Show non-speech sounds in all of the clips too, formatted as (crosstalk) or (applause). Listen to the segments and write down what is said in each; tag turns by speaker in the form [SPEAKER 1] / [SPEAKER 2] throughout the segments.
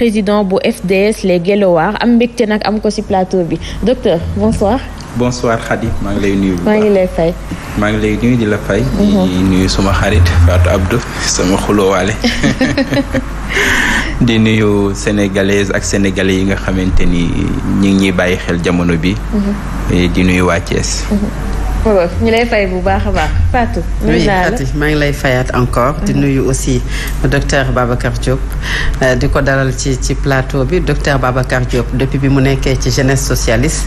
[SPEAKER 1] président bu FDS le Guelwaar am mbégte nag am ko ci plateau bi docteur bonsoir.
[SPEAKER 2] bonsoir Khady maa ngi lay nuyu. maa ngi lay fay. maa ngi lay nuyu di la fay. di mhm. nuyu suma xarit Fatou Abdou sama xulóowaale. (laughs) di nuyu sénégalaises ak sénégalais yi nga xamante ni ñu ngi ñuy bàyyi xel jamono bi. Mhm. Eh, di nuyu waa
[SPEAKER 1] ñu lay fay bu baax a baax Fatou. nuyu
[SPEAKER 3] maa ngi lay fayaat encore. di mhm. nuyu aussi docteur Babacar Diop. Euh, di ko dalal ci ci plateau bi docteur Babacar Diop depuis bi mu nekkee ci jeunesse socialiste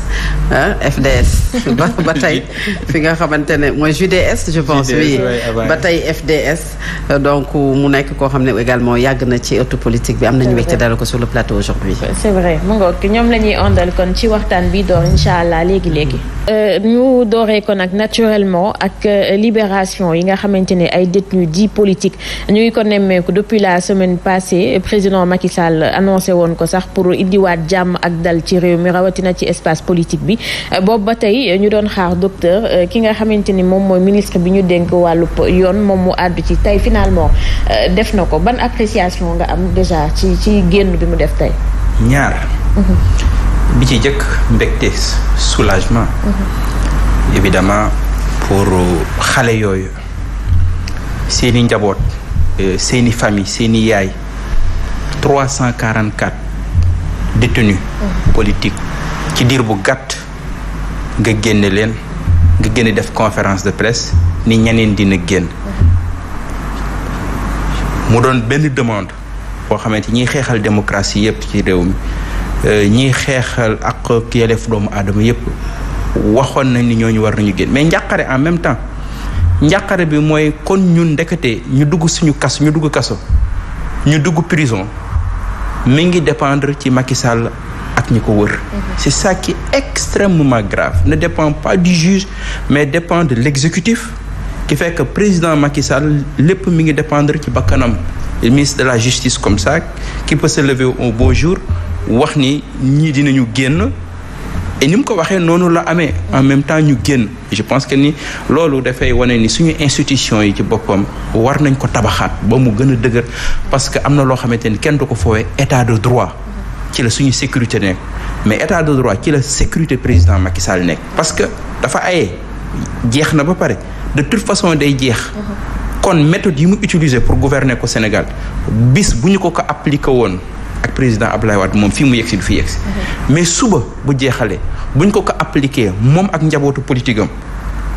[SPEAKER 3] FDS. (laughs) ba ba tey fi nga xamante ne mooy JDS je pense. oui ba tey FDS. Euh, donc mu nekk koo xam ne également yàgg na ci ëttu politique bi am nañu wecc dalal ko sur le plateau aujourd'hui c'est
[SPEAKER 1] vrai mu ngoog ñoom la ñuy kon ci waxtaan bi door incha allah léegi léegi. Euh, ñu dooree nag naturellement ak euh, libération yi nga xamante ne ay détenus dits politiques ñuy ko nemmeeku depuis la semaine passée président Macky Sall annoncé woon ko sax pour indiwaat jàmm ak dal ci réew mi rawatina ci espace politique bi euh, boobu ba tey ñu doon xaar docteur euh, ki nga xamante ni moom mooy ministre bi ñu dénk wàllub yoon moom mu àddu ci tey finalement def na ko ban appréciation nga am déjà ci ci génn bi mu def tey.
[SPEAKER 2] ñaar. Mhm. bi ci jëkk mbégte soulagement. Mhm. évidemment pour euh, xale yooyu seeni njaboot euh, seeni famille seeni yaay trois cent quarante quatre détenus politiques ci diir bu gàtt nga génne leen nga génne def conférence de presse ni ñeneen dina génn mu doon benn demande boo xamante ñiy xeexal démocratie yépp ci réew mi euh, ñiy xeexal ak yelleef doomu aadama yépp waxoon nañ ni ñooñu war nañu génn mais njàqare en même temps njàqare bi mooy kon ñun ndekete ñu dugg suñu kas dugg kaso ñu dugg prison mi ngi dépendre ci Macky ak ñi ko wër mhm. c'est ça qui est extrêmement grave ne dépendre pas du juge mais dépendre de l'exécutif qui fait président Macky Sall lépp mu ngi dépendre ci bakkanam ministre de la justice comme ça qui peut se lever au beau jour wax ni ñii dinañu génn et ni mu ko waxee noonu la amee en même temps ñu génn je pense que ni loolu dafay wane ni suñu institution yi ci boppam war nañ ko tabaxaat ba mu gën a dëgër parce que am na loo xamante ni kenn du ko foowee état de droit ci la suñu sécurité nekk mais état de droit ci la sécurité président Macky Sall nekk parce que dafa aye jeex na ba pare de toute façon day jeex mhm. kon méthode yi mu utiliser pour gouverner ko Sénégal bis bu ñu ko ko appliqué woon ak président Abdoulaye Wade moom fi mu yegsi du fi si mais suba bu jeexalee buñ ko ko appliqué moom ak njabootu politique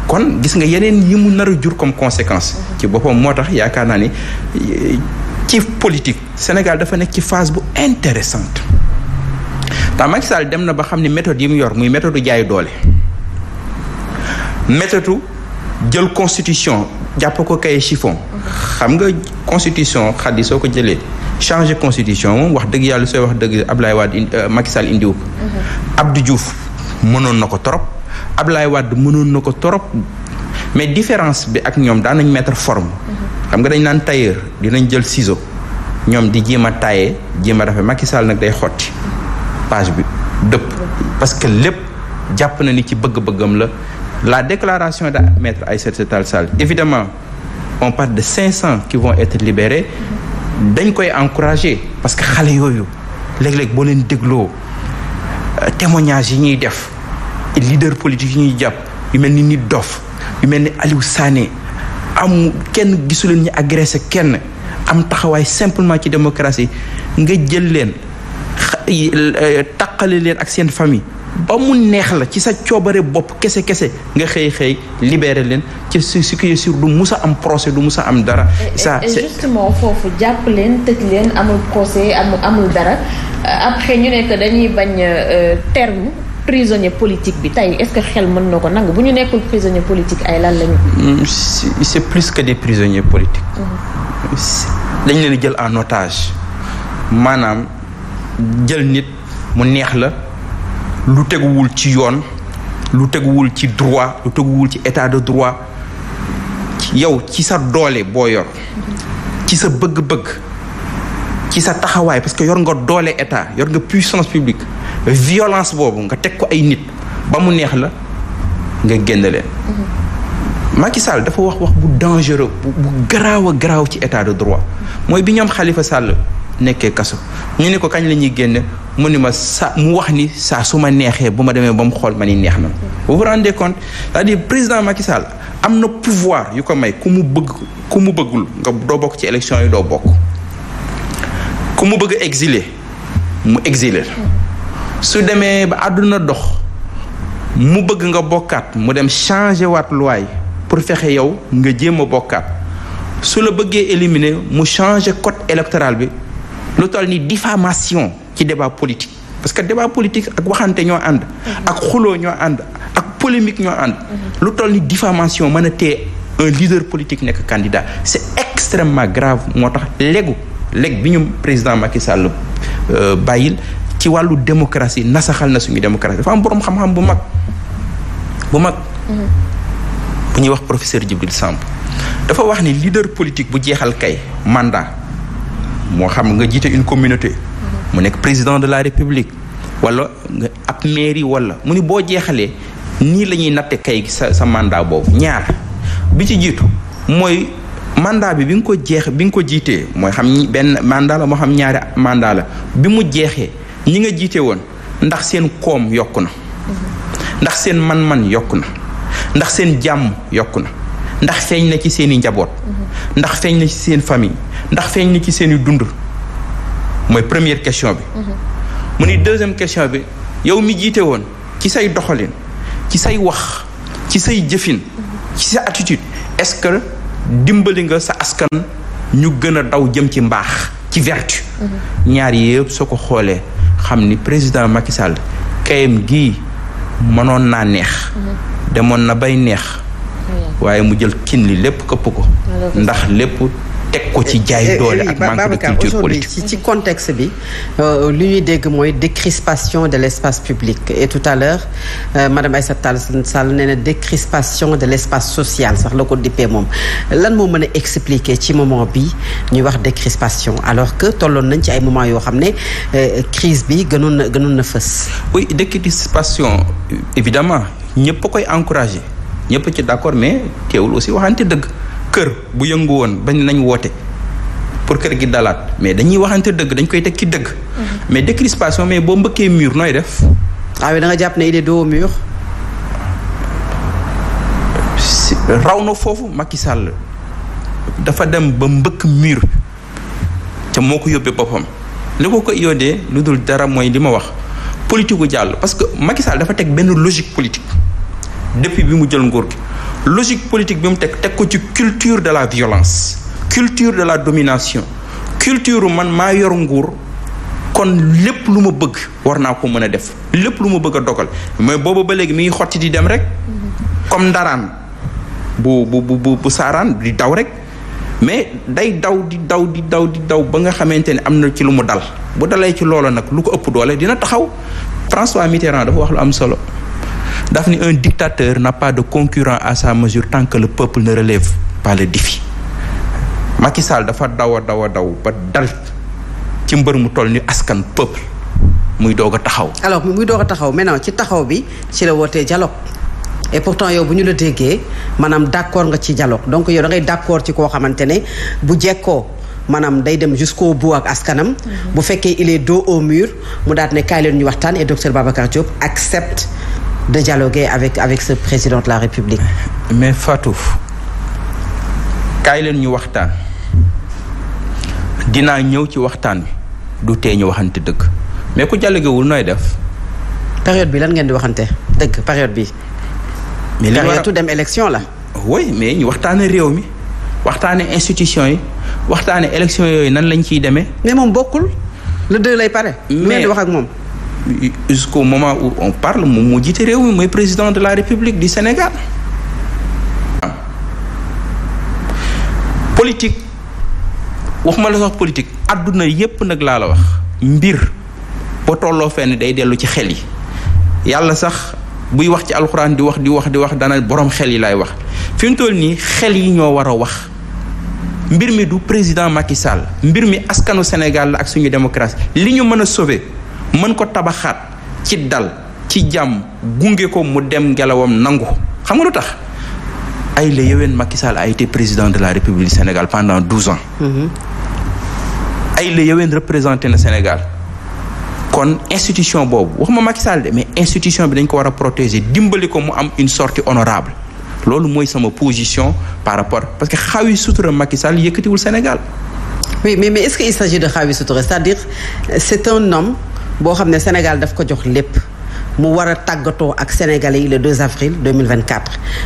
[SPEAKER 2] kon gis nga yeneen yi mu nar a jur comme conséquence ci boppam moo tax yaakaar naa ni ci politique Sénégal dafa nekk ci phase bu intéressant tax Macky Sall dem na ba xam ne méthode yi mu yor muy méthode jaay doole méthode jël constitution jàpp ko kay chiffon xam nga constitution xaddi soo ko jëlee changer constitution moom wax dëgg yàlla sooy wax dëgg Ablaye Wade euh, Macky Sall indiwu
[SPEAKER 4] mhm.
[SPEAKER 2] ab di Diouf mënoon na ko trop Ablaye wadd mënoon na ko trop mais différence bi ak ñoom daan nañ mettre forme.
[SPEAKER 4] Mhm.
[SPEAKER 2] xam nga dañ naan tailleur dinañ jël ciseau ñoom di jéem a taaye jéem a rafet Macky Sall nag day xotti page bi dëpp parce que lépp jàpp na ni ci bëgg-bëggam la la déclaration de maître Aïssata Tall Sall évidemment on parle de 500 qui vont être libérés dañ koy encourager parce que xale yooyu léeg-léeg boo leen dégloo euh, témoignage yi ñuy def leader politique yi ñuy jàpp yu mel ni nit dof yu mel ni Aliou Sané am kenn gisu leen ñu agressé kenn am taxawaay simplement ci démocratie nga jël leen euh, taqale leen ak seen famille ba mu neex la ci sa coobare bopp kese kese nga xëy xëy libéré leen ci ce ce qui est sûr du mus am procès du mus am dara. ça c'est
[SPEAKER 1] justement foofu jàpp leen tëj leen amul procès amul amul dara euh, après ñu nekk dañuy bañ euh, terme prisonnier politique bi tey est-ce que xel mën na ko nangu bu ñu nekkul prisonnier politique ay lan lañu.
[SPEAKER 2] Mm, c'est plus que des prisonniers politiques. Mm-hmm. dañ leen jël en otage maanaam jël nit mu neex la. lu teguwul ci yoon lu teguwul ci droit lu teguwul ci état de droit yow ci sa doole boo yor ci sa bëgg-bëgg ci sa taxawaay parce que yor nga doole état yor nga puissance publique violence boobu nga teg ko ay nit ba mu neex la nga génn leen Macky dafa wax wax bu dangereux bu bu garaaw a garaaw ci état de droit mooy bi ñoom xalifa Sall nekkee kaso ñu ne ko kañ la ñuy génne mu ni ma sa mu wax ni saa su ma neexee bu ma demee ba mu xool ma ni neex na vous vous rendez compte cest à président Macky Sall am na pouvoir yu ko may ku mu bëgg ku mu bëggul nga doo bokk ci élection yi doo bokk ku mu bëgg exiler mu exiler su demee ba àdduna dox mu bëgg nga bokkaat mu dem changer waat loi pour fexe yow nga jéem a bokkaat su la bëggee éliminer mu changer code électoral bi lu toll ni diffamation ci débat politique parce que débat politique ak waxante ñoo ànd ak xuloo ñoo ànd ak polémique ñoo ànd lu toll ni diffamation mën a téye un leader politique nekk candidat c'est extrêmement grave moo tax léegu léeg bi ñu président Macky Sall euh, bàyyil ci wàllu démocratie nasaxal na suñu démocratie dafa am boroom xam-xam bu mag bu mag bu ñuy wax professeur Djibril Samb dafa wax ni leader politique bu jeexal kay mandat moo xam nga jiite une communauté mu nekk président de la république wala ab mairie wala mu ni boo jeexalee nii la ñuy natte kay sa sa mandat boobu ñaar bi ci jiitu mooy mandat bi bi nga ko jeex bi nga ko jiitee mooy xam benn mandat la moo xam ñaari mandat la bi mu jeexee ñi nga jiite woon ndax seen koom yokku na ndax seen man-man yokku na ndax seen jàmm yokk na ndax feeñ na ci seen i njaboot ndax feeñ na ci seen famille ndax feeñ na ci seen i dund mooy première question bi. Mhm. mu ni deuxième question bi yow mi jiite woon ci say doxalin ci say wax ci say jëfin ci sa attitude est-ce que dimbali nga sa askan ñu gën a daw jëm ci mbaax ci vertu. Mhm. ñaar yëpp soo ko xoolee xam ni président Macky Sall kayam gii mënoon naa neex. Mhm. demoon na bay neex. waaye mu jël kin li lépp këpp ko. ndax lépp. teg ko ci jaay eh, eh, doole eh, ak manque de culture
[SPEAKER 3] ci contexte bi euh, li ñuy dégg mooy décrispation de l' espace public et tout à l'heure euh, madame Aïssata Tall Sall nee na décrispation de l' espace social sax la ko dippee moom lan moo mën a expliquer ci moment bi ñuy wax décrispation alors que tolloon nañ ci ay moment yoo xam ne euh, crise bi gënoon na gënoon na fës
[SPEAKER 2] oui décrispation évidemment ñëpp a koy encouragé ñëpp ci d' mais teewul aussi waxante dëgg kër bu yëngu woon bañ nañ woote pour kër gi dalaat mais dañuy waxante dëgg dañ koy teg ci dëgg. Mhm. mais décrispation mais boo mbëkkee mur nooy def. ah oui jàpp ne il est dos raw na foofu Macky Sall dafa dem ba mbëkk mur ca moo ko yóbbee boppam li ko ko yoddee lu dul dara mooy li ma wax politique gu jàll parce que Macky Sall dafa teg benn logique politique depuis bi mu jël nguur gi. logique politique bi mu teg teg ko ci culture de la violence culture de la domination culture man maa yor nguur kon lépp lu ma bëgg war naa ko mën a def lépp lu ma bëgg a dogal mais booba ba léegi mi ngi xotti di dem rek comme ndaraan bu bu saaraan di daw rek mais day daw di daw di daw di daw ba nga xamante ne am na ci lu mu dal bu dalee ci loola nag lu ko ëpp doole dina taxaw François Mitterrand dafa wax lu am solo daf ni un dictateur n'a pas de concurrent à sa mesure tant que le peuple ne relève pas le défi Macky Sall dafa daw a daw a daw ba dal ci mbër mu toll ni askan peuple muy doog a taxaw.
[SPEAKER 3] alors muy doog a taxaw maintenant ci taxaw bi ci la wootee dialogue et pourtant yow bu ñu la déggee maanaam d'accord nga ci dialogue donc yow da ngay d'accord ci koo xamante ne bu jekkoo maanaam day dem jusqu'au bout ak askanam. Mm-hmm. bu fekkee il est dos au mur mu daat ne kaay leen ñu waxtaan et docteur Babacar Diop de dialoguer avec avec ce président de la République. mais Fatou
[SPEAKER 2] kaay leen ñu waxtaan dinaa ñëw ci waxtaan bi du tee ñu waxante dëgg mais ku dialogué wul nooy def.
[SPEAKER 3] période bi lan ngeen di waxante dëgg période bi.
[SPEAKER 2] mais li période dem la. oui mais ñu réew mi waxtaane institution yi waxtaane élection yooyu nan lañ ciy demee. mais moom bokkul le deux lay pare. mais di wax ak moom. jusqu'au moment où on parle moom moo jiite réew mi mooy président de la république du Sénégal politique waxuma la sax politique àdduna yépp nag laa la wax mbir ba tolloo fenn day dellu ci xel yi yàlla sax buy wax ci alxuraan di wax di wax di wax dana boroom xel yi lay wax fi mu toll nii xel yi ñoo war a wax mbir mi du président Macky Sall mbir mi askanu Sénégal la ak suñu démocratie li ñu mën a sauver mën ko tabaxaat ci dal ci jàmm gunge ko mu dem ngelawam nangu xam nga lu tax ay la yeween Macky Sall a été président de la République Sénégal pendant douze ans mhm. ay la yeween représenté na Sénégal kon institution boobu waxuma Macky Sall de mais institution bi dañ ko war a protéger dimbali ko mu am une sortie honorable loolu mooy sama position par rapport parce que xaawi sutura Macky Sall yëkkatiwul Sénégal
[SPEAKER 3] oui mais est-ce que il s'agit de xaawi sutura cest à boo xam ne Sénégal daf ko jox lépp mu war a tàggatoo ak sénégalais yi le 2 avril 2024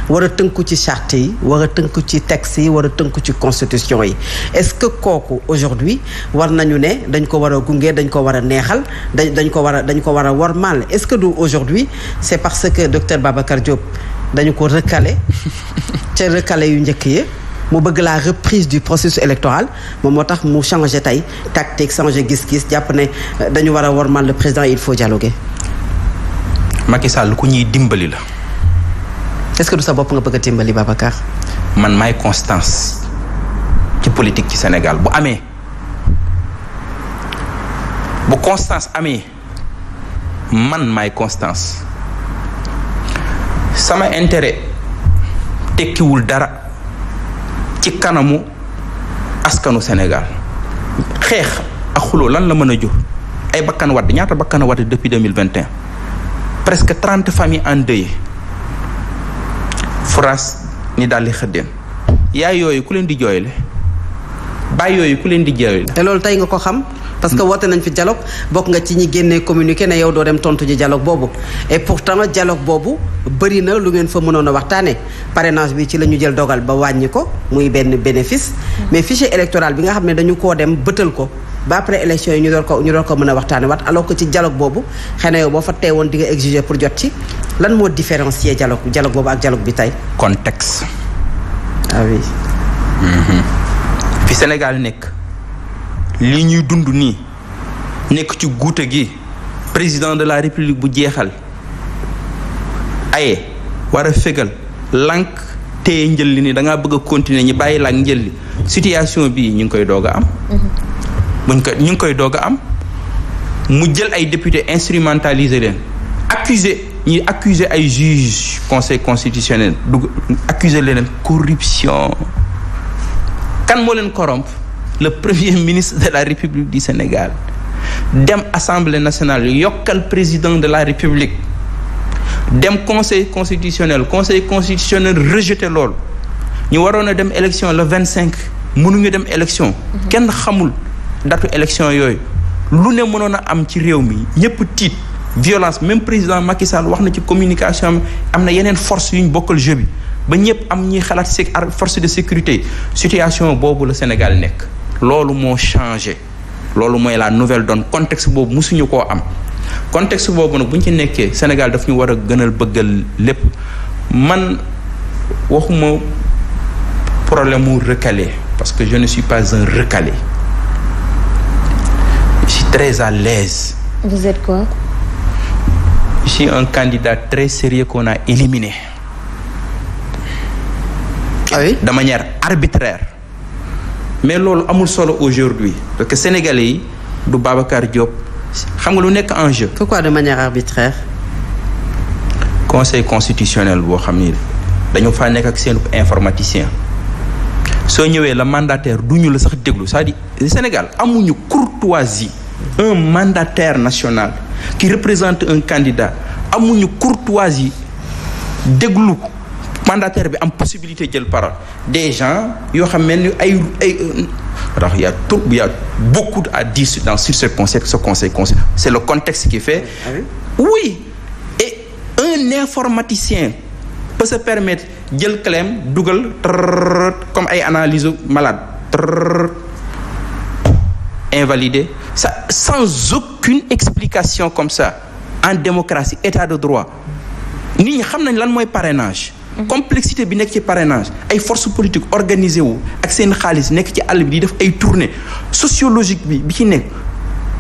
[SPEAKER 3] war a tënku ci charte yi war a tënku ci texte yi war a tënku ci constitution yi est-ce que kooku aujourd'hui war nañu ne dañ ko war a gunge dañ ko war a neexal dañ dañ ko war a dañ ko war a wormaal est-ce que du aujourd'hui c'est parce que docteur Babacar Diop dañu ko recalé (laughs) ca recalé yu njëkk yi mu bëgg la reprise du processus électoral moom moo tax mu changé tey tactique changé gis-gis jàpp ne euh, dañu war a wormal le président il faut dialoguer.
[SPEAKER 2] Macky Sall ku ñuy dimbali la.
[SPEAKER 3] est-ce que du sax bopp nga bëgg a dimbali Babacar.
[SPEAKER 2] man may constance ci politique ci Sénégal bu amee bu constance amee man maay constance sama intéret tekkiwul dara. ci kanamu askanu Sénégal xeex ak xuloo lan la mën a jur ay bakkan wadd ñaata bakkan wadd depuis deux mille vingt et un presque trente familles endeuillées France ni daal di xëddeen yaay yooyu ku leen di jooyle baay yooyu ku leen di jooyle te loolu tey nga ko xam parce que woote nañ fi dialogue bokk
[SPEAKER 3] nga ci ñi génne communiqué ne yow doo dem tontu ji dialogue boobu et pourtant dialogue boobu bëri na lu ngeen fa mënoon a waxtaanee parrainage bi ci la ñu jël dogal ba wàññi ko muy benn bénéfice mais fichier électoral bi nga xam ne dañu ko dem bëtal ko ba après élection yi ñu door ko ñu door ko mën a waxtaane wat alors ko ci dialogue boobu xëy na yow boo fa teewoon di nga exiger pour jot ci lan moo différencier dialogue dialogue boobu ak dialogue bi tey
[SPEAKER 2] contexte ah mhm. Sénégal nekk li ñuy dund nii nekk ci guute gi président de la république bu jeexal aye war a fegal lànk te njël li nii da ngaa bëgg a continuer ñi bàyyi lànk njël li situation bii ñu ngi koy doog a am. buñ ko ñu ngi koy doog a am mu jël ay député instrumentaliser leen accuser ñi accuser ay juge conseil constitutionnel dugg accuser leen corruption kan moo leen corrompre. le premier (laughs) ministre de la république du Sénégal dem assemblée nationale yokkal président de la république dem conseil constitutionnel conseil constitutionnel rejeté loolu ñu waroon a dem élection le vingt cinq mënuñu dem élection mhm. kenn xamul datu élection yooyu lu ne mënoon a am ci réew mi ñëpp tiit violence même président Macky Sall wax na ci communication am na yeneen force yu ñu bokkal jeu bi ba ñëpp am ñuy xalaat force de sécurité situation boobu la Sénégal nekk loolu moo changé loolu mooy la nouvelle donne contexte boobu musuñu koo am contexte boobu nag bu ñu ci nekkee Sénégal daf ñu war a gënal bëggal lépp man waxuma problème mu recalé parce que je ne suis pas un recalé je suis à l'aise
[SPEAKER 1] vous êtes quoi
[SPEAKER 2] un candidat très sérieux ko a éliminé ah oui de manière arbitraire mais loolu amul solo aujourd'hui parce que sénégalais yi du Babacar Diop xam nga lu nekk en jeu. pourquoi de manière arbitraire. conseil constitutionnel boo xam ni dañoo faa nekk ak seen informaticien soo ñëwee la mandataire du ñu la sax déglu cest di Sénégal amuñu courtoisie un mandataire national qui représente un candidat amuñu courtoisie déglu. mandataire bi am possibilité jël parole des gens yoo xam mel ni ay ay ndax y' a trop y' à dire dans sur ce conseil ce conseil conseil le contexte qui fait. Ah oui et un informaticien peut se permettre jël clem dugal comme ay analyse malade invalidé ça sans aucune explication comme ça en démocratie état de droit nit xam nañ lan mooy parrainage. complexité bi nekk ci parrainage ay force politique organisé wu ak seen xaalis nekk ci àll bi di def ay tournée sociologique bi bi ci nekk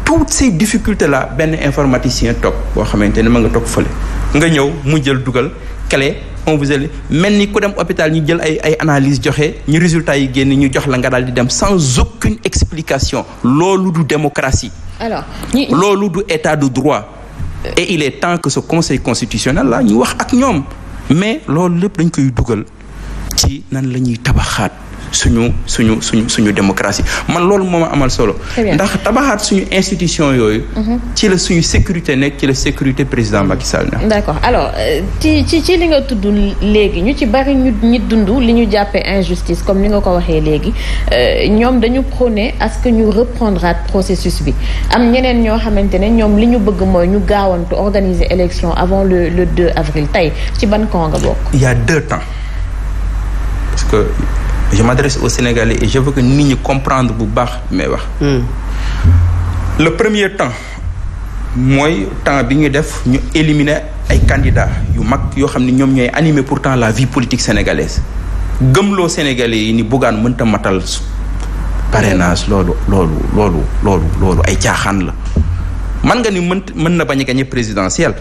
[SPEAKER 2] toutes ces difficultés la benn informaticien toog boo xamante ne ma nga toog fële nga ñëw mu jël dugal clé on vous mel ni ku dem hôpital ñu jël ay ay analyse joxe ñu résultat yi génn ñu jox la nga daal di dem sans aucune explication loolu du démocratie
[SPEAKER 1] alors loolu
[SPEAKER 2] du état de droit et il est temps que ce conseil constitutionnel là ñu wax ak ñoom mais loolu lépp dañ koy dugal ci nan la ñuy tabaxaat suñu suñu suñu suñu démocratie man loolu moom ma amal solo. ndax tabaxaat suñu institution yooyu. Mhm. ci la suñu sécurité nekk ci la sécurité président Macky Sall na.
[SPEAKER 1] d'accord alors euh, ci ci ci li nga tuddu léegi ñu ci bari ñu ñi dund li ñu jàppee injustice comme ni nga ko waxee léegi euh, ñoom dañu prôné à que ñu reprendraat processus bi am ñeneen ñoo xamante ne ñoom li ñu bëgg mooy ñu gaawantu organiser élection avant le le 2 avril tey ci ban camp
[SPEAKER 2] nga bokk. il y a je m'adresse aux au et je veux que nit ñi comprendre bu baax may wax. Hmm. le premier temps mooy temps bi ñu def ñu éliminer ay candidats yu mag yoo xam ne ñoom ñooy animer pourtant la vie politique sénégalaise loo Sénégalais yi ni buggaan mënta matal parrainage loolu loolu loolu loolu loolu ay caaxaan la. man nga ni mën mën na bañ a gagner présidentielle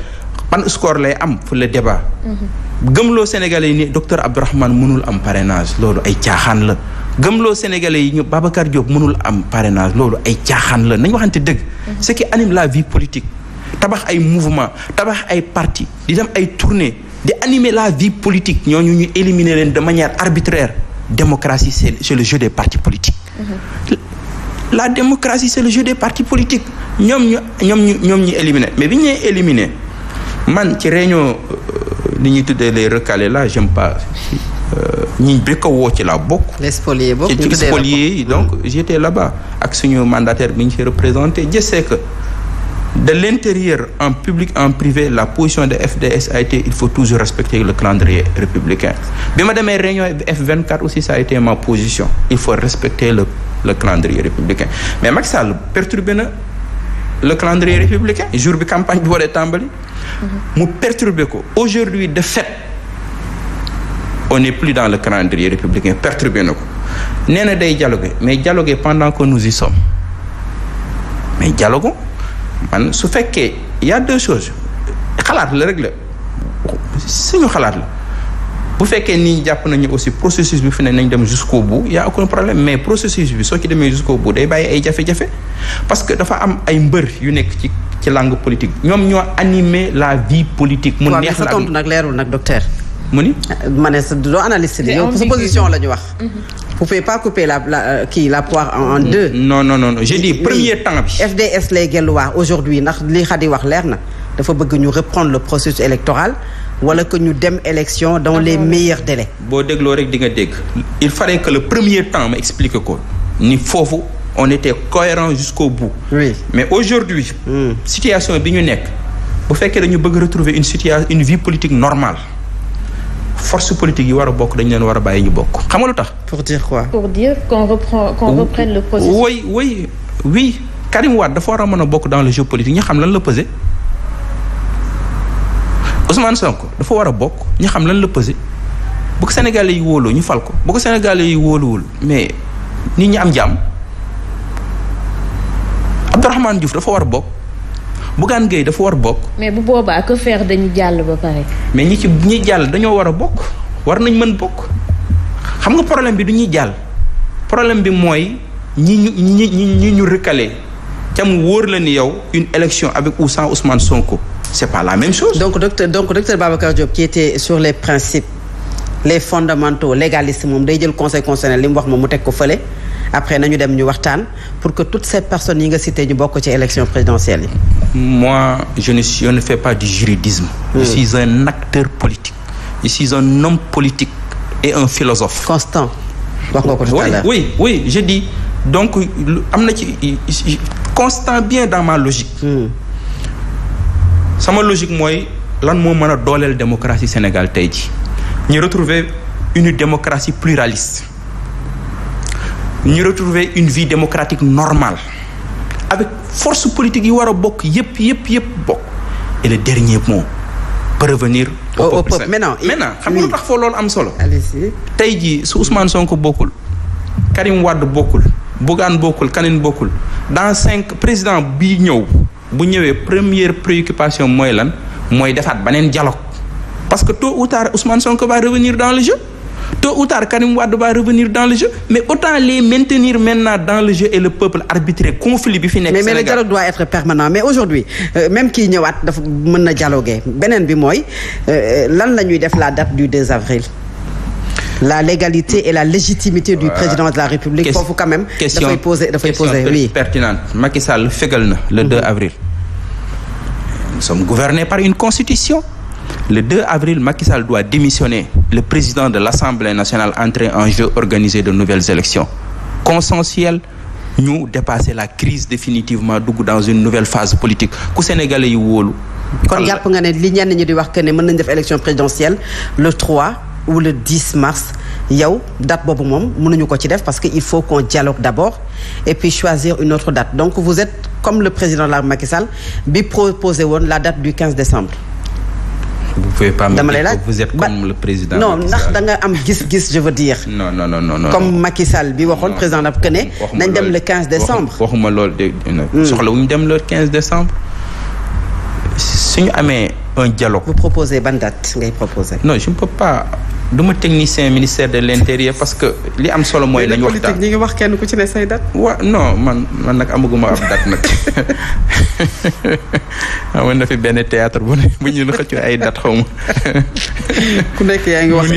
[SPEAKER 2] ban score lay am pour le débat. Mm-hmm. gëmloo sénégalais yi ni docteur Abdourahmane mënul am parrainage loolu ay caaxaan la gëmloo sénégalais yi ñu Babacar Diop mënul am parrainage loolu ay caaxaan la nañ waxante dëgg mhm. ce qui anime la vie politique tabax ay mouvement tabax ay parti di dem ay tournée di animer la vie politique ñooñu ñu éliminer leen de manière arbitraire démocratie c'est c'est le jeu des partis politiques
[SPEAKER 4] mhm.
[SPEAKER 2] la démocratie c'est le jeu des partis politiques ñoom ñu ñoom ñu ñoom ñu éliminer mais bi ñu nee éliminer man ci réunion euh, li ñuy tuddee les recalés la j'aime pas euh, ñi bi ko woo ci la bokk.
[SPEAKER 3] les spoliés bokk ñu tuddee
[SPEAKER 2] ci donc j'étais là-bas ak suñu mandataire bi ñu fi représenté je sais que de l'intérieur en public en privé la position de FDS a été il faut toujours respecter le calendrier républicain bi ma demee réunion F24 aussi ça a été ma position il faut respecter le le calendrier républicain mais Macky Sall le calendrier républicain jour bi campagne bi waree tàmbali. mu perturber ko aujourd'hui de fait on n'est plus dans le calendrier républicain perturber na ko nee na day dialoguer mais dialoguer pendant que nous y sommes mais dialoguons man su fekkee y a deux xalaat la rek la suñu xalaat la. bu fekkee nii jàpp nañu aussi processus bi fi ne nañ dem jusqu'au bout y a aucun problème mais processus bi soo ci demee jusqu'au bout day bàyyi ay jafe-jafe parce que dafa am ay mbër yu nekk ci ci langue politique ñoom ñoo animer la vie politique mu neex
[SPEAKER 3] nag leerul nag docteur mu ni ma ne doo analyste li yow sa position la ñu wax fu mm-hmm. pouvez pas couper la euh,
[SPEAKER 2] kii la poire en deux mm-hmm. non non non j'ai dit premier temps bi
[SPEAKER 3] FDS lay gelluwaa aujourd'hui ndax li Khady wax leer na dafa bëgg ñu reprendre le processus électoral wala que ñu dem élection dans les meilleurs délais.
[SPEAKER 2] boo dégloo rek di nga dégg. il fallait que le premier temps ma expliqué ko ni foofu on était cohérent jusqu'au bout. oui mais aujourd'hui mm. situation bi ñu nekk bu fekkee dañu bëgg retrouver une situation une vie politique normal force politique yi war a bokk dañu leen war a bàyyi ñu bokk xam nga lu tax. pour dire quoi.
[SPEAKER 1] pour dire qu'on reprend qu'on reprenne le processus. oui
[SPEAKER 2] oui oui Karim Wade dafa war a mën a bokk dans le jeu politique ñu xam lan la pesé. Ousmane sonk dafa war a bokk ñu xam lan la pesé bu ko Sénégalais yi ñu fal ko bu ko Sénégalais yi wóoluwul mais nit ñi am jàmm Abdourahmane Diouf dafa war a bokk Bougane géey dafa war a bokk.
[SPEAKER 1] mais bu boobaa ak faire dañu jàll ba pare.
[SPEAKER 2] mais ñi ci ñi jàll dañoo war a bokk war nañ mën bokk xam nga problème bi du ñuy jàll problème bi mooy ñi ñu ñi ñu ñi ñu recalé ca mu wóor la ni yow une élection avec ou sans Ousmane Sonko. c'est pas la même chose.
[SPEAKER 3] donc docteur donc docteur Babacar Diop était sur les principes les fondamentaux légaliste moom day jël conseil constitutionnel li mu wax moom mu teg ko fële après nañu dem ñu waxtaan pour que toutes ces personnes yi nga cité ñu bokk ci élection présidentielle yi.
[SPEAKER 2] moi je ne je ne fais pas du juridisme. Hmm. je suis un acteur politique. je suis un homme politique et un philosophe. constant wax nga ko tout à l'heure donc am na ci constant bien dans ma logique. Hmm. sama logique mooy lan moo mën a dooleel démocratie Sénégal tey ji ñu retrouver une démocratie pluraliste ñu retrouver une vie démocratique normal avec force politique yi war a bokk yépp yépp yépp bokk et le dernier mot prévenir au oh, peuple maintenant am solo tey jii su Ousmane bokkul Karim Wade bokkul Bougane bokkul Kanin bokkul dans cinq président bi ñëw bu ñëwee première préoccupation mooy lan mooy defaat beneen dialogue parce que tôt ou tard Ousmane Sonko va revenir dans le jeu tôt ou tard Karim Wade va dans le jeu mais autant les maintenir maintenant dans le jeu et le peuple arbitrer conflit bi fi nekk. Sénégal mais mais le dialogue
[SPEAKER 3] doit être permanent mais aujourd'hui euh, même kii ñëwaat dafa mën na dialoguer beneen bi mooy euh, lan la ñuy def la date du 2 avril. la légalité et la légitimité du président de la République. foofu
[SPEAKER 2] quand même dafay poser poser oui. pertinente Macky Sall fégal na le 2 mhm. avril. nous sommes gouvernés par une constitution. Le 2 avril, Macky Sall doit démissionner. Le président de l'Assemblée nationale entrer en jeu organiser de nouvelles élections consensuelles ñu dépasser la crise définitivement dugg dans une nouvelle phase politique ku sénégalais yi wóolu. kon jàpp
[SPEAKER 3] nga ne li di wax que ne mën nañ def élection présidentielle le 3. wala 10 mars yow date boobu moom mënuñu ko ci def parce que il faut qu'on dialogue d'abord et puis choisir une autre date donc vous êtes comme le président de la Macky Sall bi proposé woon la date du 15 décembre.
[SPEAKER 2] vous pouvez pas non ndax da nga am gis-gis je veux dire. (laughs) comme
[SPEAKER 3] Macky bi waxoon président
[SPEAKER 2] daf que ne. nañ dem le décembre soxla wu ñu le décembre. su ñu amee un dialogue. vous proposez ban date ngay proposer. non je ne peux pas du ma technicien ministère de l' parce que li am solo mooy. lañu waxtaan politique ñi wax kenn ku ci ne say date. wa non man man nag amaguma ab date nag (laughs) na fi benn théâtre bu ne bu ay
[SPEAKER 3] ku nekk yaa ngi wax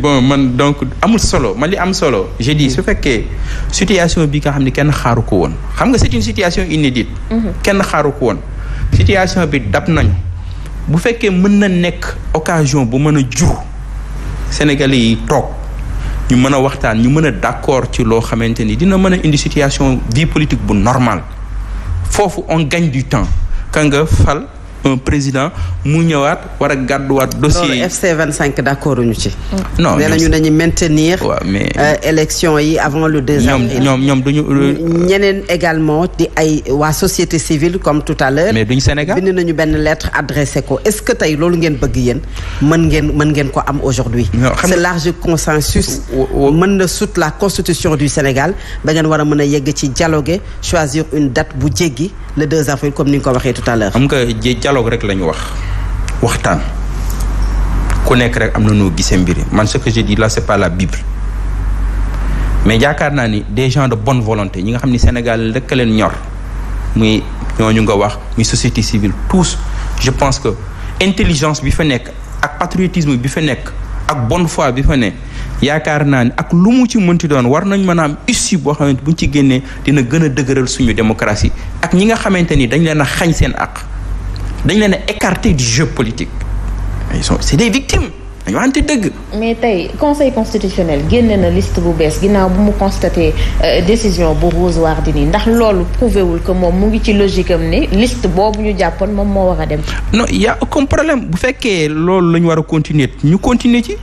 [SPEAKER 2] bon man donc amul solo man li am solo. je dis su fekkee situation bi nga xam ne kenn xaaru ko woon xam nga c' est une situation inédite. Mm-hmm. kenn xaaru ko woon. situation bi dab nañu bu fekkee mën na nekk occasion bu mën a jur sénégalais yi toog ñu mën a waxtaan ñu mën a d'accord ci loo xamante ni dina mën a indi situation vie politique bu normal foofu on gagne du temps ka nga fal un président mu ñëwaat war gàdduwaat dossier FC 25 d' accord ñu ci. non nee nañu
[SPEAKER 3] dañuy euh, ñeneen également di ay waa société civile comme tout à l'heure mais duñ Sénégal bind nañu benn lettre adressé ko est ce que tey loolu ngeen bëgg yéen mën ngeen mën ngeen ko am aujourd'hui ce large consensus. mën na sut la constitution du Sénégal ba ngeen war a mën a yegg ci dialoguer choisir une date bu jéggi le 2 comme ni ko
[SPEAKER 2] waxee tout à l'heure dialogue rek la ñu wax waxtaan ku nekk rek am na noo gisee mbiri man ce que je dis là c'est pas la bible mais yaakaar naa ni des gens de bonne volonté ñi nga xam ni Sénégal rek leen ñor muy ñoo ñooñu nga wax muy société civile tous je pense que intelligence bi fa nekk ak patriotisme bi fa nekk ak bonne fois bi fa ne yaakaar naa ni ak lu mu ci mënti doon war nañ mën a am issue boo xamante bu ñu ci génnee dina gën a dëgëral suñu démocratie ak ñi nga xamante ni dañ leen a xañ seen àq dañ leen a écarté du jeu politique ils c'est des victimes dañu waxante dëgg.
[SPEAKER 1] mais tey conseil constitutionnel génne na liste bu bees ginnaaw bu mu constaté euh, décision bu di nii ndax loolu prouvé wul que moom mu ngi ci logique am ne liste boobu ñu jàppoon moom moo war a dem.
[SPEAKER 2] non y' a problème bu fekkee loolu la ñu war a continuer ñu continuer ci.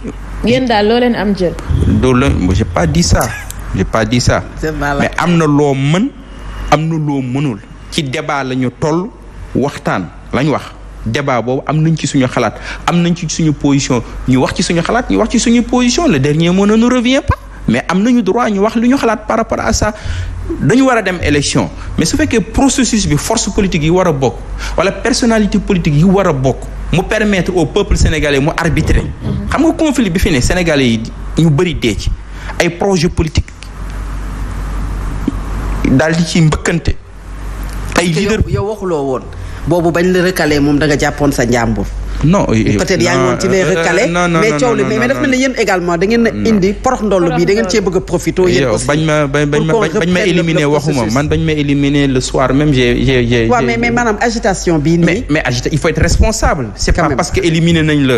[SPEAKER 1] yéen daal loo am jël.
[SPEAKER 2] loolu la j'ai pas dit ça j'ai pas dit ça. mais am na loo mën am na loo mënul. ci débat la ñu toll waxtaan. lañ wax débat boobu am nañ ci suñu xalaat am nañ ci suñu position ñu wax ci suñu xalaat ñu wax ci suñu position le dernier mot ne nous revient pas mais am nañu droit ñu wax lu ñu xalaat par rapport à ça dañu war a dem élection mais su fekkee processus bi force politique yi war a bokk wala personnalité politique yi war a bokk mu permettre au peuple sénégalais mu arbitrer xam nga conflit bi fi ne sénégalais yi ñu bëri dee ci ay projet politique dal di ci mbëkkante ay leader yow waxuloo woon
[SPEAKER 3] boobu bañ la recalé moom da nga jàppoon sa njàmbur.
[SPEAKER 2] non eh, eh, peut-être yaa ngi woon ci les recalés mais coow li mais daf mel
[SPEAKER 3] ne da ngeen indi porox ndoll bi da ngeen cee
[SPEAKER 2] bëgg a profité yéen aussi bañ ma bañ ma éliminer waxuma man bañ ma éliminer le soir même j'ai j'ai mais mais maanaam agitation bi nii mais mais agita il faut être responsable parce que éliminer nañ la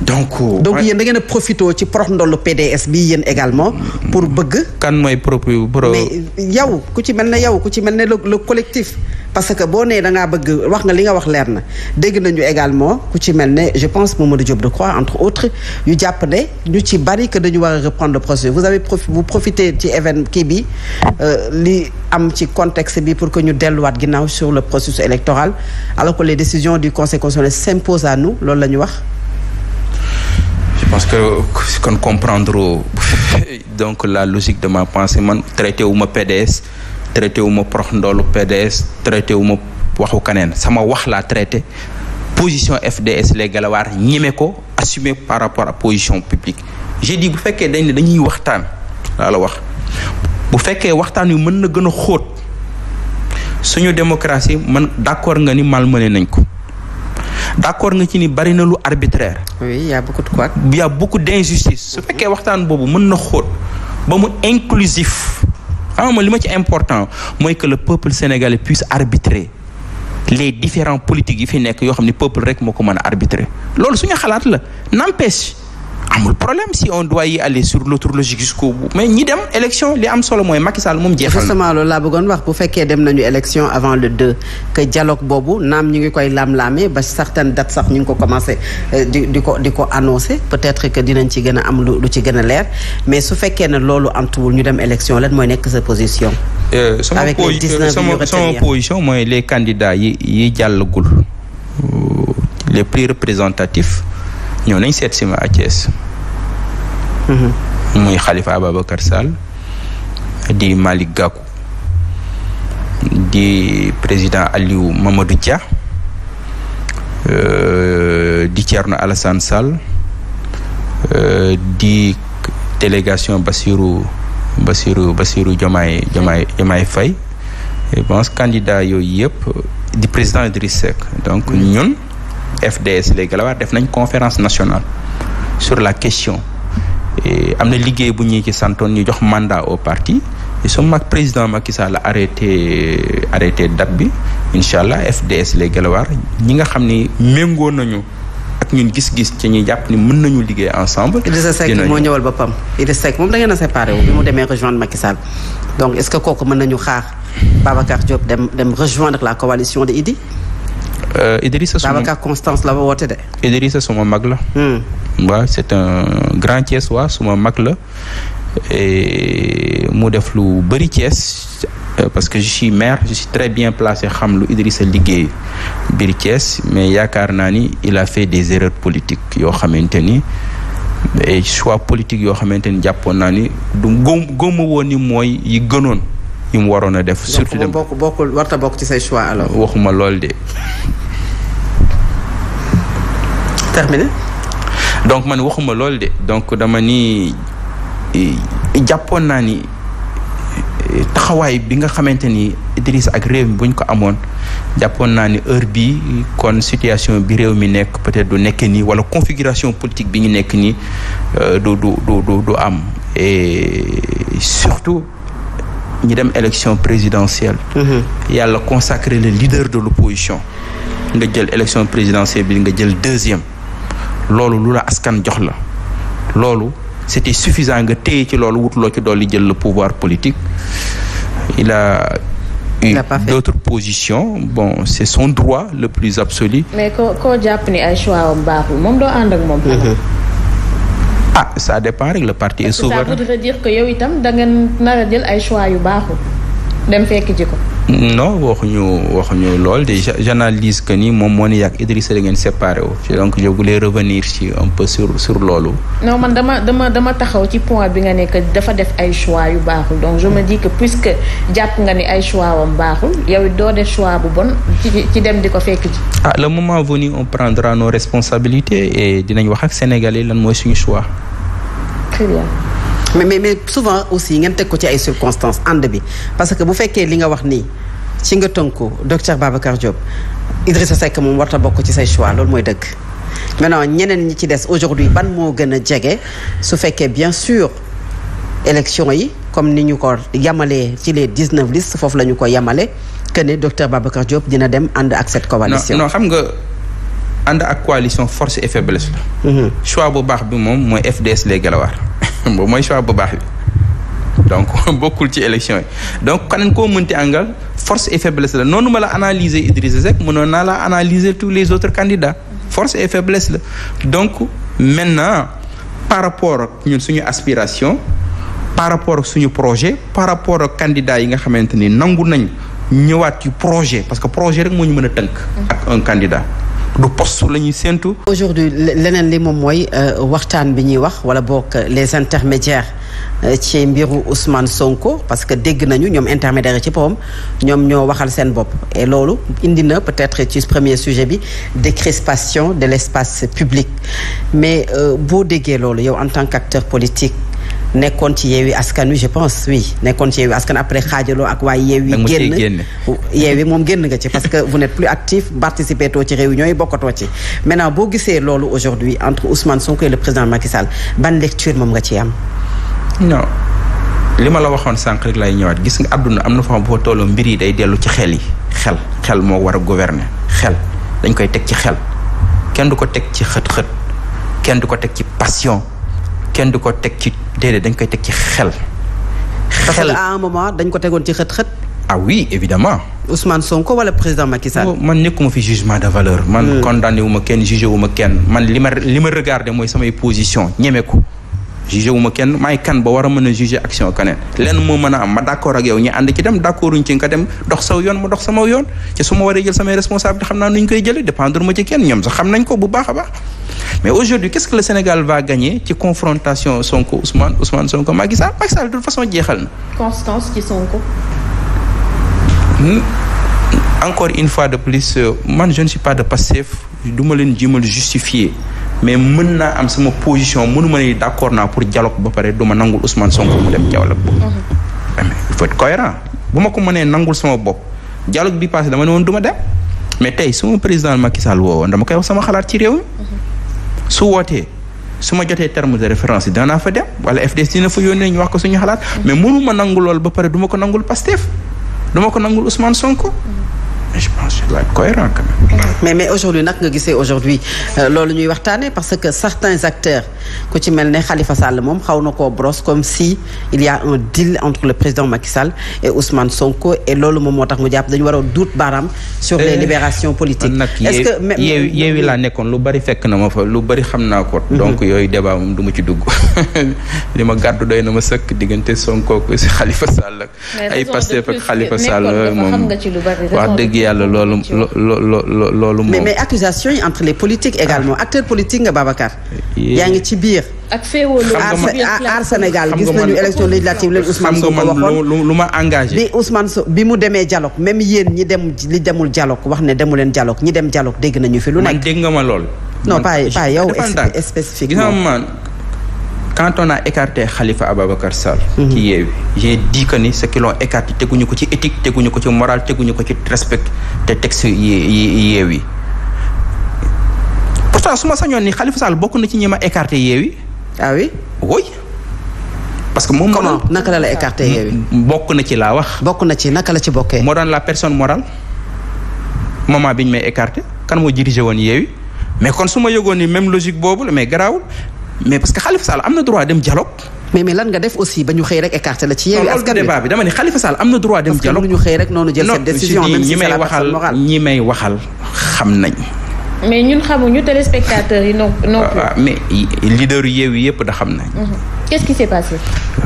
[SPEAKER 2] donc euh, donc yéen da ngeen a profité ci prof ndollu PDS bi yéen également pour mm. bëgg. kan mooy propre pro. mais
[SPEAKER 3] euh, yow ku ci mel ne yow ku ci mel ne le collectif. parce que boo nee da bëgg wax nga li nga wax leer na dégg nañu également ku ci mel ne je pense moom Mamadou Diop de Croix entre autres yu jàpp ne ñu ci bari que dañu war a reprendre le processus vous avez profi vous ci événement kii bi euh, li am ci contexte bi pour que ñu delluwaat ginnaaw sur le processus électoral alors que les décisions du conseil constitutionnel s'imposent la ñu wax.
[SPEAKER 2] parce que kon comprendre (laughs) donc la logique de ma pensée man traité wu ma PDS traité wu ma prox ndoolu PDS traité wu ma waxu kaneen sama wax la traité position FDS les Galawaar ñeme ko assumer par rapport à position publique j'ai bu fekkee dañ ne dañuy waxtaan laa la wax bu fekkee waxtaan wi mën na gën a xóot suñu démocratie man d'accord nga ni mal malmené nañ ko d'accord nga ci ni bari na lu arbitraire. oui y a beaucoup de quoi. y a d'injustice. su fekkee waxtaan boobu mën na xóot ba mu inclusif xam li ma ci important mooy que le peuple sénégalais puisse arbitrer. les différents politiques yi fi nekk yoo xam ni peuple rek moo ko mën a arbitrer loolu suñu xalaat la n'empêche amul problème si on doit y aller sur l'autre logique jusqu'au bout mais ñi dem élection li am solo mooy Macky Sall moom jeexal
[SPEAKER 3] justement loolu laa bëggoon wax bu fekkee dem nañu élection avant le 2 que dialogue boobu naam ñu ngi koy laam-laamee ba certaines dat sax ñu ngi ko commencé euh, di ko di ko annoncé peut-être que dinañ ci gën a am lu lu ci gën a leer mais su fekkee ne loolu antuwul ñu dem élection lan mooy nekk sa position
[SPEAKER 2] euh, sama position mooy les candidats yi yi jàllagul euh, les plus représentatifs ñoo nañ seet si ma à Thiès
[SPEAKER 4] mhm.
[SPEAKER 2] muy Khalifa Ababacar Sall di Malick Gakou di président Aliou Mamadou Dia euh, di Thierno Alassane Sall euh, di délégation Bassirou Bassirou Bassirou Diomaye Diomaye Diomaye Faye je pense candidat yooyu yëpp di président Idriss donc ñun FDS les Guelwaar def nañ conférence nationale sur la question am na liggéey bu ñuy ci santoon ñu jox mandat au parti su mag président Macky Sall arrêté arrêté date bi incha allah FDS les galawaar ñi nga xam ni méngoo nañu ak ñun gis-gis ci ñu jàpp ni mën nañu liggéey ensemble. moo ñëwal boppam Idrissa Seck moom da ngeen séparé bi mu demee rejoindre Macky
[SPEAKER 3] Sall donc est-ce que kooku mën nañu xaar Babacar Diop dem dem rejoindre la coalition de Idi.
[SPEAKER 2] Euh, Idrissa Souma Babacar
[SPEAKER 3] Constance la ba woote de.
[SPEAKER 2] Idrissa suma mag la. Hmm. waaw c'est un grand Thiès waa suma mag la mu def lu bëri Thiès euh, parce que je suis maire je suis très bien placé xam lu Idrissa liggéey biir Thiès mais yaakaar naa ni il a fait des erreurs politiques yoo xamante ni. et choix politique yoo xamante ni jàppoon naa ni du góom góoma woon ni mooy yi gënoon yi waroon a def. surtout dem
[SPEAKER 3] bokk bokkul warta bokk ci say choix alors.
[SPEAKER 2] waxuma lool de. terminé. donc man waxuma lool de donc dama ni jàppoon naa ni taxawaay bi nga xamante ni Idriss ak réew mi buñ ko amoon jàppoon naa ni heure bi kon situation bi réew mi nekk peut-être du nekke nii wala configuration politique bi ñu nekk nii euh, du du du am surtout. ñi dem élection présidentielle. Mhm. yàlla consacré le leader de l'opposition nga jël élection présidentielle bi nga jël deuxième loolu lu la askan jox la loolu c'était suffisant nga téye ci loolu loo ci dolli jël le pouvoir politique il a il d'autres positions bon c'est son droit le plus absolu.
[SPEAKER 1] moom doo ànd ak moom. Mhm.
[SPEAKER 2] ah sa dépend rek le parti est souverain. ça
[SPEAKER 1] voudrait dire que yow itam da ngeen a jël ay choix yu baaxul dem fekk ji
[SPEAKER 2] non waxuñu waxuñu lool de j'analyse que ni moom moo ni yàgg Idrissa da ngeen séparé wu donc je voulais revenir ci un peu sur sur loolu.
[SPEAKER 1] non man dama dama dama taxaw ci point bi nga nekk dafa def ay choix yu baaxul donc je me dis que puisque jàpp nga ni ay choix wam baaxul yow doo def choix bu bon ci ci
[SPEAKER 3] dem di ko fekk ci.
[SPEAKER 2] ah le moment venu on prendra nos responsabilités et dinañ wax ak sénégalais lan mooy suñu choix.
[SPEAKER 3] très bien. mais mais mais souvent aussi ngeen teg ko ci ay circonstances ànd bi parce que bu fekkee li nga wax nii ci nga tënku docteur Babacar Diop Idrissa Seck moom warta bokk ci say choix loolu mooy dëgg. maintenant ñeneen ñi ci des aujourd'hui ban moo gën a jege su fekkee bien sûr élection yi comme ni ñu ko yamalee ci les 19 listes foofu la ñu ko yamale que ne docteur Babacar job dina dem ànd ak cette coalition. non
[SPEAKER 2] xam nga ànd ak coalition force et faiblesse la. Mhm. choix bu baax bi moom mooy FDS les Galawaar. boobu mooy choix bu baax bi donc (laughs) bokkul ci élection yi donc kaneen koo mënti àngal force et faiblesse la noonu ma la analyser Idrissa Seck mënoon naa la analyser tous les autres candidats force et faiblesse la donc maintenant par rapport ak ñun suñu aspiration par rapport ak suñu projet par rapport ak candidats yi nga xamante ni nangu nañ ñëwaat yu projet parce que projet rek moo ñu mën a tënk ak un candidat du poste la ñuy séentu.
[SPEAKER 3] aujourd'hui leneen li moom mooy euh, waxtaan bi ñuy wax wala boog les intermédiaires euh, ci mbiru Ousmane Sonko parce que dégg nañu ñoom intermédiaires ci boppam ñoom ñoo waxal seen bopp et loolu indi na peut-être ci premier sujet bi décrispation de l'espace public mais euh, boo déggee loolu yow en tant qu'acteur politique. nekkoon ci yeewi askan wi je pense oui nekkoon ci yeewi askan après xaajaloo ak waaye yeewi génn yeewi moom génn nga ci parce que vous n'êtes plus actif participer too ci réunion yi bokkatoo ci maintenant boo gisee loolu aujourd'hui entre Ousmane Sonko et le président Macky Sall ban lecture moom nga ci am non
[SPEAKER 2] li ma la waxoon sànq rek lay ñëwaat gis nga àdduna am na foo xam boo tolloo mbir yi day dellu ci xel yi xel xel moo war a gouverner xel dañ koy teg ci xel kenn du ko teg ci xët kenn du ko teg ci passion kenn du ko teg ci déedéet dañ koy teg ci xel.
[SPEAKER 4] xel
[SPEAKER 3] parce que dañ ko tegoon ci xët-xët. ah oui évidemment Ousmane Sonko wala président Macky Sall. Oh,
[SPEAKER 2] man nekkuma fi jugement de valeur. man hmm. condamné wu ma kenn jugé wu ma kenn man li ma li ma regardé mooy samay position ñeme ko. jugé kenn maay kan ba war a mën a jugé action keneen lenn moo mën a am ma d' accord ak yow ñu ànd ci dem d' accorduñ ci nga dem dox saw yoon ci su ma waree jël samay responsabilité xam naa nu koy jëlee dépendre ma ci kenn ñoom sax xam nañ ko bu baax a mais aujourd'hui qu'est-ce que le Sénégal va gagner ci confrontation Sonko Ousmane Ousmane Sonko Macky Sall Macky Sall de façon jeexal na.
[SPEAKER 1] constance ci Sonko.
[SPEAKER 2] Hmm? une fois de plus euh, man je ne suis pas de du ma leen jéemal justifier mais mën naa am sama position mënu ma ne d'accord naa pour dialogue ba pare du ma nangul Ousmane Sonko mu dem dialogue mhm. ah, mais il faut bu ma ko mënee nangul sama bopp dialogue bi passé dama ne woon du ma dem mais tey suma président Macky Sall woowoon dama koy wax sama xalaat ci réew mi mhm. su wootee su ma jotee terme de référence yi danaa fa dem wala FDS dina fa yónnee ñu wax ko suñu xalaat mm. mais mënuma nangu lool ba pare duma ko nangul Pastef du ma ko nangul Ousmane Sonko mais je pense que je dois être cohérent quand
[SPEAKER 3] même. mais mais aujourd'hui nag nga gisee aujourd'hui euh, loolu ñuy waxtaanee parce que certains acteurs ku ci mel ne xalifa Sall moom xaw na koo brosse comme si il y a un deal entre le président Macky Sall et Ousmane Sonko et loolu moom moo tax mu jàpp dañu war a duut baaraam sur les eh, libérations
[SPEAKER 2] politiques. est yeewi laa nekkoon lu bari fekk na ma fa lu bari xam naa ko. Mhm. donc yooyu débat moom du ma ci dugg (laughs) li ma gàddu doy na ma sëkk diggante Sonko ak Khalifa Sall ak ay Pastef ak Khalifa yàlla loolu. loo loolu moo. mais mais
[SPEAKER 3] accusations yi entre les politiques également ah. acteurs politiques nga Babacar. yaa ngi ci biir.
[SPEAKER 2] aar Sénégal gis nañu élection législative leen Ousmane Sonko lu ma engagé. bi
[SPEAKER 3] Ousmane Sonko bi mu demee dialogue même yéen ñi dem li demul dialogue wax ne demu leen dialogue ñi dem dialogue dégg nañu fi lu nekk. man
[SPEAKER 2] dégg nga ma lool. non pas pas yow. spécifique gis quand on xalifa écarté Khalifa ci mhm. Yewwi j'ai dit que ni ce qui l'ont écarté teguñu ko ci éthique teguñu ko ci morale ñu ko ci respect te texte yi Yewwi su ma sañoon ni Khalifa Sall bokk na ci ñi ma écarté Yewwi. ah que moom comment naka la la bokk na ci laa wax. bokk na ci naka la ci bokkee. moo daan la personne morale moment bi ñu may écarte kan moo dirigé woon Yewwi mais kon su ma yëgoon ni même logique boobu la mais garaawul mais parce que Khalifa Sall am na droit dem dialogue.
[SPEAKER 3] mais mais lan nga def aussi ba ñu xëy rek écarté la ci yeewi askan wi débat
[SPEAKER 2] dama ne Khalifa Sall am na droit dem dialogue ñu xëy rek noonu jël décision même si c'est la personne may waxal xam nañ.
[SPEAKER 1] mais ñun xamuñu téléspectateurs yi non non plus. Ah,
[SPEAKER 2] ah, mais leader Yewwi yëpp da xam nañ.
[SPEAKER 1] Mhm. qu'est-ce qui s'est passé.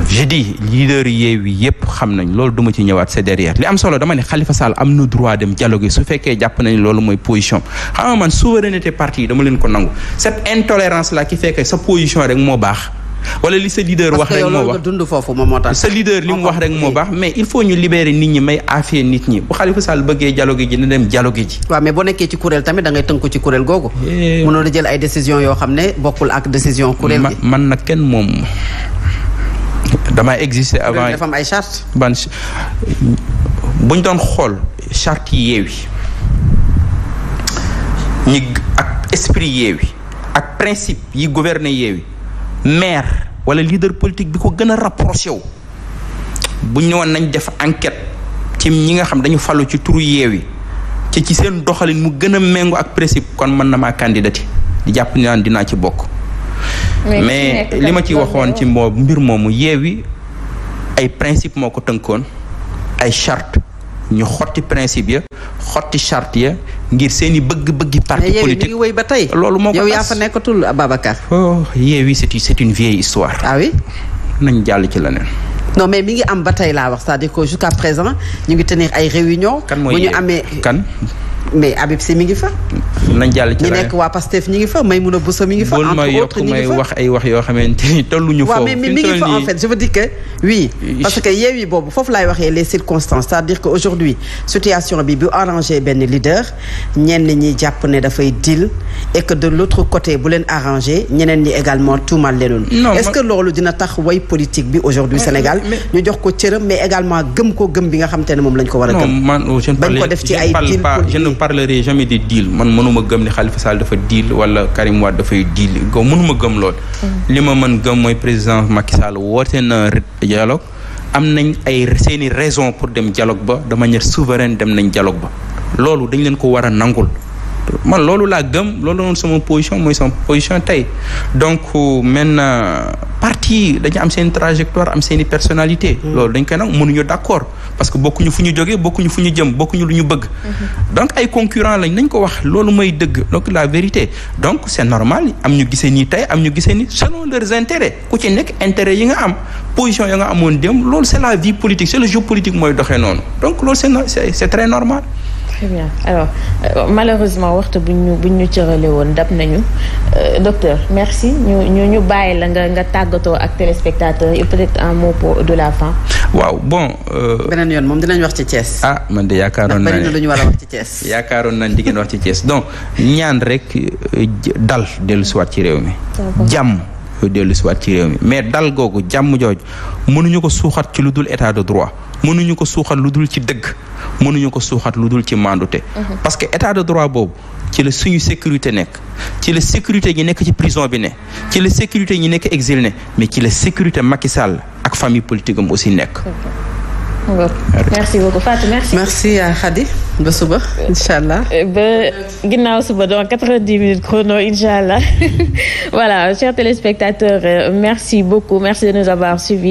[SPEAKER 2] je dis leader Yewwi yëpp xam nañ loolu duma ci ñëwaat c'est derrière li am solo dama ne xalifa Sall am na droit dem dialoguer su fekkee jàpp nañ loolu mooy position xam man souveraineté parti dama leen ko nangu cette intolérance là ki fekkee sa position rek moo baax. wala li sa leader wax rek moo wax dund foofu moom moo tax sa leader li mu wax rek moo baax mais il faut ñu libérer nit ñi may affaire nit ñi bu Khalifa Sall bëggee dialogue ji na dem dialogue ji waaw mais
[SPEAKER 3] boo nekkee ci kuréel tamit da ngay tënku ci kuréel googu eh. mënoo la jël ay décision yoo xam ne bokkul ak décision kuréel gi
[SPEAKER 2] man nag kenn moom damaa exister avant dafa am ay charte ban buñ doon xool charte yi yeewi ñi ak esprit yeewi ak principe yi gouverner yeewi maire wala leader politique bi ko gën a rapproché wu bu ñëwoon nañ def enquête ci ñi nga xam dañu fallu ci turu yeewi ci ci seen doxalin mu gën a méngoo ak principe kon mën na maa candidati di jàpp ni naan dinaa ci bokk.
[SPEAKER 4] mais li ma ci
[SPEAKER 2] waxoon ci mboo mbir moomu yeewi ay principe moo ko tënkoon ay charte ñu xotti principe ya xotti charte ya ngir seen i bëgg-bëggi parti politique wéy ba
[SPEAKER 3] tey loolu moo ko yow yaa fa
[SPEAKER 2] nekkatul Ababacar oh Yewwi c'est c'est une vieille histoire ah nañ jàll ci leneen
[SPEAKER 3] no mais mi ngi am ba tey la wax c'est-à-dire que jusqu'à présent ñu ngi te tenir ay réunion kan mooy bu ñu amee kan mais Habib Sy mi ngi
[SPEAKER 2] fa. nañ jàll ci ñi nekk
[SPEAKER 3] waa Pastef ñi ngi fa Maimouna may wax
[SPEAKER 2] ay wax yoo xamante ni tolluñu foofu. mais mi ngi fa en fait
[SPEAKER 3] je veux dire que oui. parce que Yewwi boobu foofu laay waxee les circonstances c'est-à-dire que aujourd'hui situation bi bu arrangé benn leader ñenn ñi jàpp ne dafay deal et que de l'autre côté bu leen arrangé ñeneen ñi également tuumal leenoon. est-ce que loolu dina tax way politique bi aujourd'hui Sénégal. ñu jox ko cëram mais également gëm ko gëm bi nga xamante ne moom lañ ko war a
[SPEAKER 2] oh, ci ay deal ne parlerai jamais de deal man mënuma gëm ni Khalifa Sall dafa deal wala Karim Wade dafay deal go mënuma gëm lool. Mm. li ma man gëm mooy président Macky Sall woote na dialogue am nañ ay seeni raison pour dem jaloog ba dama manière souveraine dem nañ dialogue ba loolu dañ leen ko war a nangul. man loolu laa gëm loolu noonu sama position mooy sama position tey donc euh, maintenant parti dañu am seen trajectoire am seen i personnalité hmm. loolu dañ koy nag mënuñu d'accord parce que bokkuñu fu ñu jógee bokkuñu fu ñu jëm bokkuñu lu ñu bëgg
[SPEAKER 4] hmm.
[SPEAKER 2] donc ay concurrent lañ nañ ko wax loolu mooy dëgg donc la vérité donc c'est normal am ñu gisee nii tey am ñu gisee nii selon leurs intérêts ku ci nekk intérêt yi nga am position ya nga amoon démb loolu c'est la vie politique mooy doxee noonu donc loolu c'est c'est très très bien alors
[SPEAKER 1] euh, waxtu bi ñu bu ñu cërale woon dab nañu euh, docteur merci ñu ñu ñu bàyyi la nga nga tàggatoo ak téléspectateurs yi peut-être un mot pour de la fin.
[SPEAKER 2] waaw bon. Euh, beneen yoon moom dinañ wax ci cees ah man de yaakaaroon naa na lu ñu war a ci Thiès. (laughs) yaakaaroon nañ di wax ci Thiès donc ñaan rek dal dellu si waat ci réew mi. jàmm dellu waat ci réew mi mais dal googu jàmm jooju mënuñu ko suuxat ci lu dul état de droit. mënuñu ko suuxat lu dul ci dëgg mënuñu ko suuxat lu dul ci mandute mhm. parce que état de droit boobu ci la suñu sécurité nekk ci la sécurité ñi nekk ci prison bi ne ci la sécurité ñi nekk exil ne mais ci la sécurité Macky Sall ak famille politique am aussi nekk
[SPEAKER 3] merci beaucoup Fatou merci. merci Khady ba suba incha allah. Euh, ba
[SPEAKER 1] ginnaaw suba donc quatre-vingt-dix minutes chrono incha allah (laughs) voilà chers téléspectateurs euh, merci beaucoup merci de nous avoir suivis.